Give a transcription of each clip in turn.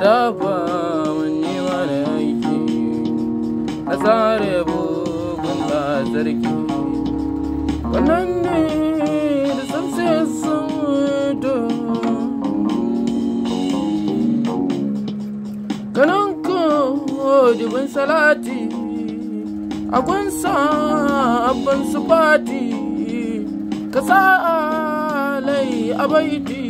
dafa wani mana yake a tsare bugun ba zarki wannan ne da samsa ya samuto ganin ko oh, jibin salati a gunsa abban su fati ka sa alai abaiti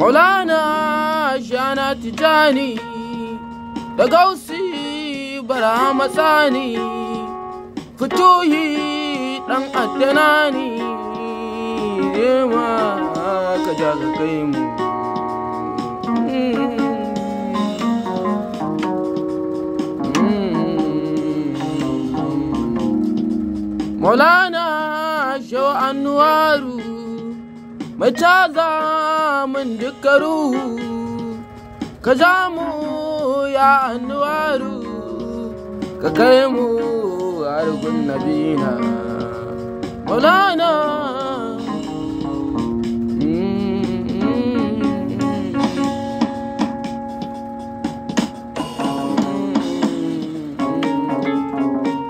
مولانا شانا تجاني لقوسي برا مساني فتوهي لن أدناني ما كجاك كيمو مولانا جو أنوارو መቻዛም እንድከሩ ከዛሙ ያንዋሩ ከከይሙ አርጉን ነቢና ሞላና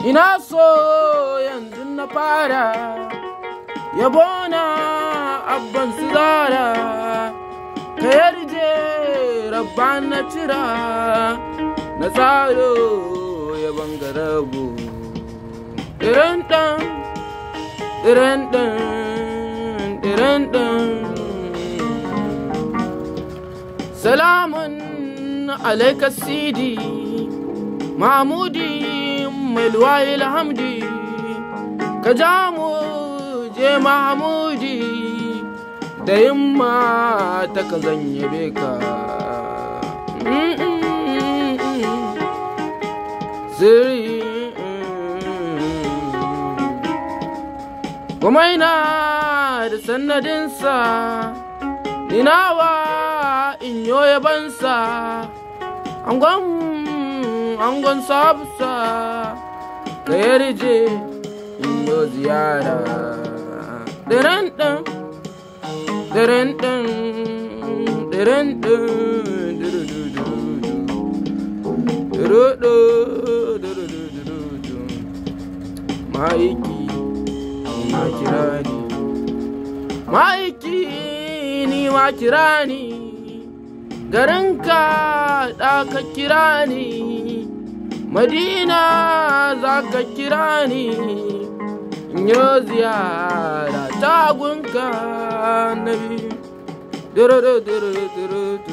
ኢናሶ የንዝነ የቦና abban su ka yarje rabba na cira na tsaro ya bangarabu irin dan irin dan irin dan salamun alaika sidi mahmudi mai luwayi alhamdi ka ja mu je mahmudi da yamma ta ka zan yabe ka sirri kuma ina da sanadinsa inawa in yoye bansa angon angon sabusa ka yarije in yo ziyara da ran ɗan Dun dun dun dun Maiki ma kira ni Maiki ni ma kira ni garinka da ka kira ni Madina za ka kira ni Nyo ziara tagun